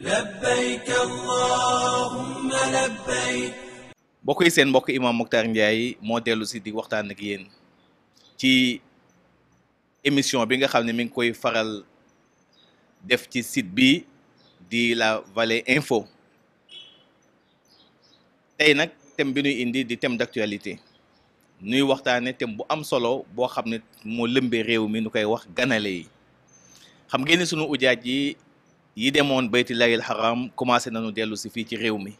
labbayk allahumma labbayk mbokk seen mbokk imam Mokhtar Ndiaye moo dellu di waxtaan ak yéen ci émission bi nga xam ne mi ngi koy faral def ci sit bi di la Vallée Info tey nag thème bi ñuy indi di thème d'actualité nuy waxtaane tem bu am solo boo xam ne moo lëmbee réew mi nu koy wax ganale yi xam ngeen sunu ujaaj yi yi demoon baytillahil haram commencé nañu dellu si fii ci réew mi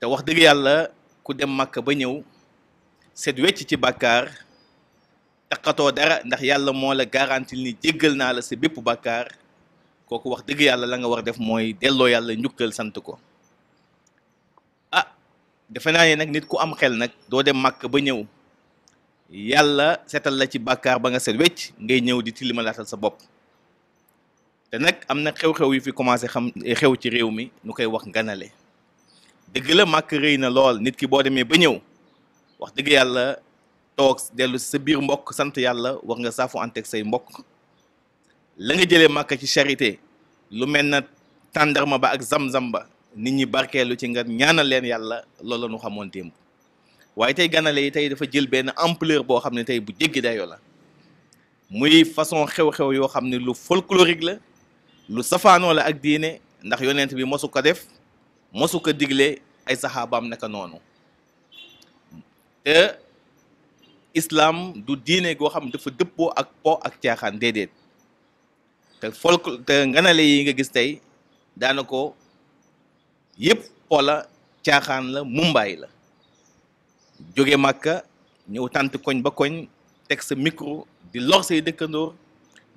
te wax dëgg yàlla ku dem màkk ba ñëw set wecc ci bàkkaar taqatoo dara ndax yàlla moo la garantil ni jéggal naa la sa bépp bàkkaar kooku wax dëgg yàlla la nga war def mooy delloo yàlla njukkal sant ko ah defe naa ne nag nit ku am xel nag doo dem màkk ba ñëw yàlla setal la ci bàkkaar ba nga set wecc ngay ñëw di tilimalaatal sa bopp te nag am na xew-xew yu fi commencé xam xew ci réew mi nu koy wax ganale dëgg la màkk rëy na lool nit ki boo demee ba ñëw wax dëgg yàlla toog dellu sa biir mbokk sant yàlla wax nga saafu anteeg say mbokk la nga jëlee màkk ci charité lu mel na tàndarma ba ak zam-zam ba nit ñi barkeelu ci nga ñaanal leen yàlla loolu nu xamoon démb waaye tey ganale yi tey dafa jël benn empleur boo xam ne tey bu jéggi dayoo la muy façon xew-xew yoo xam ne lu folklorique la lu safaanoo la ak diine ndax yonent bi mosu ko def mosu ko digle ay saxaabaam naka noonu te islam du diine goo xam dafa dëppoo ak po ak caaxaan déedéet te folk te nganale yi nga gis tey daana ko yëpp po la caaxaan la mumbaay la jóge màkka ñëw tànt koñ ba koñ teg sa mikro di lor say dëkkandoor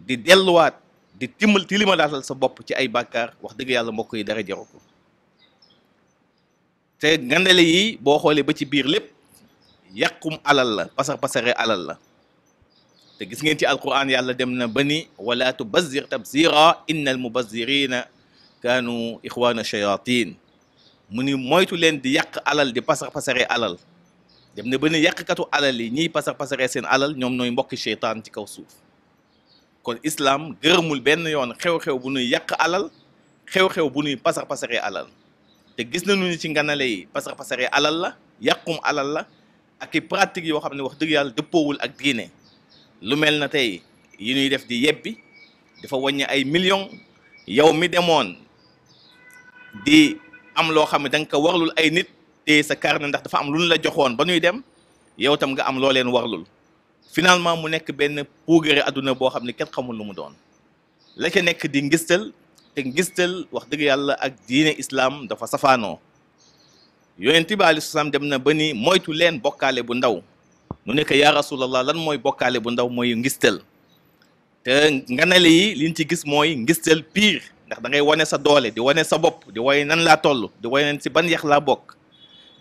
di delluwaat di timmal tilima dalal sa bop ci ay bakkar wax deug yàlla mbokk yi dara jaroko te ngandale yi bo xole ba ci bir lépp yàqum alal la pasar pasare alal la te gis ngeen ci alquran yàlla dem na bani wala tubazir tabzira inna almubazirina kanu ikhwana shayatin muni moytu len di yàq alal di pasar pasare alal dem na bani ni katu alal yi ñi pasar pasare sen alal ñom noy mbokki shaytan ci kaw suuf kon islam gërëmul benn yoon xew-xew bu nuy yàq alal xew-xew bu nuy pasar pasaree alal te gis nañu ñu ci nganale yi pasar pasaree alal la yàqum alal la ak i pratique yoo xam ne wax dëgg yàlla dëppoowul ak diine lu mel na tey yi ñuy def di yebbi dafa wàññi ay millions yow mi demoon di am loo xam ne da ko warlul ay nit te sa carnet ndax dafa am lu ñu la joxoon ba ñuy dem yow tam nga am loo leen warlul finalement mu nekk benn puugare àdduna boo xam ne kenn xamul lu mu doon la ca nekk di ngistal te ngistal wax dëgg yàlla ak diine islam dafa safaanoo yonent tiba ali salaam dem na ba ni moytu leen bokkaale bu ndaw mu nekk yaa rasulallah lan mooy bokkaale bu ndaw mooy ngistal te nganale yi liñ ci gis mooy ngistal pire ndax da ngay wane sa doole di wane sa bopp di wane nan laa toll di wane si ban yax laa bokk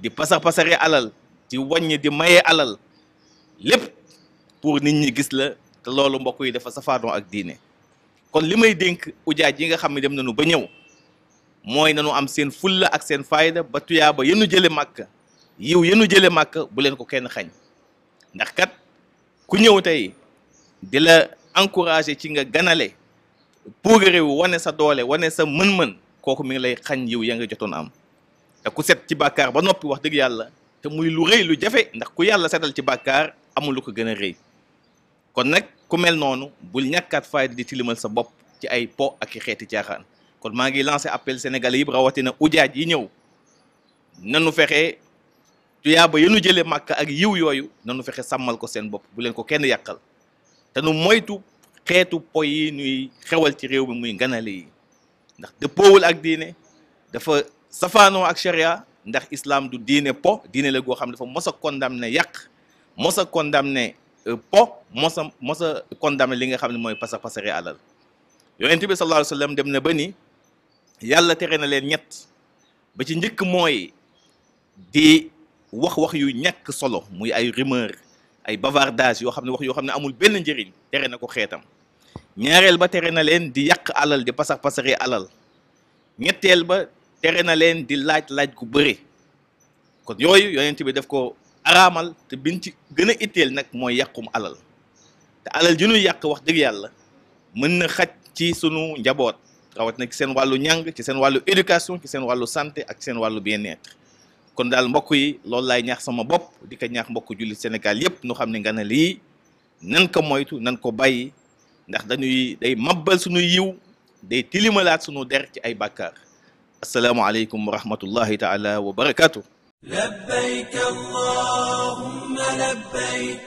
di pasar pasare alal di wàññi di maye alal lépp pour nit ñi gis la te loolu mbokk yi dafa safaanoo ak diine kon li may dénk ujaaj yi nga xam ne dem nañu ba ñëw mooy nañu am seen fulla ak seen fayda ba tuyaaba yenu jële màkk yiw yenu jële màkk bu leen ko kenn xañ ndax kat ku ñëw tey di la encouragé ci nga ganale pour réew wane sa doole wane sa mën-mën kooku mi ngi lay xañ yiw ya nga jotoon am te ku set ci bàkkaar ba noppi wax dëgg yàlla te muy lu rëy lu jafe ndax ku yàlla setal ci bàkkaar amul ko gën a rëy kon nag ku mel noonu bul ñàkkaat fayda di tilimal sa bopp ci ay po ak i xeeti caaxaan kon maa ngi lancé appel sénégalais yëpp rawatina ujaaj yi ñëw nanu fexe tuyaaba yenu jëlee màkk ak yiw yooyu nanu fexe sàmmal ko seen bopp bu leen ko kenn yàqal te nu moytu xeetu po yi nuy xewal ci réew mi muy nganale yi ndax dëppoowul ak diine dafa safaanoo ak sharia ndax islaam du diine po diine la goo xam dafa mos a condamné yàq mos a condamné Euh, po mos a mos a condamné li nga xam ne mooy pasa pasare alal yonent bi sallallahu alayhi wa sallam dem na ba ni yàlla tere na leen ñett ba ci njëkk mooy di wax wax yu ñàkk solo muy ay rumeur ay bavardage yoo xam ne wax yoo xam ne amul benn njëriñ tere na ko xeetam ñaareel ba tere na leen di yàq alal di pasax pasare alal ñetteel ba tere na leen di laaj laaj gu bëri kon yooyu yonent bi daf ko araamal te biñ ci gën a itteel nag mooy yàqum alal te alal ji ñuy yàq wax dëgg yàlla mën na xaj ci sunu njaboot rawat nag ci seen wàllu ñàng ci seen wàllu éducation ci seen wàllu santé ak seen wàllu bien kon daal mbokk yi loolu laay ñaax sama bopp di ko ñaax mbokk jullit Sénégal yépp nu xam ne nga ne lii nan ko moytu nan ko bàyyi ndax dañuy day mabbal sunu yiw day tilimalaat sunu der ci ay bakaar asalaamaaleykum wa rahmatullahi taala wa لبيك اللهم لبيك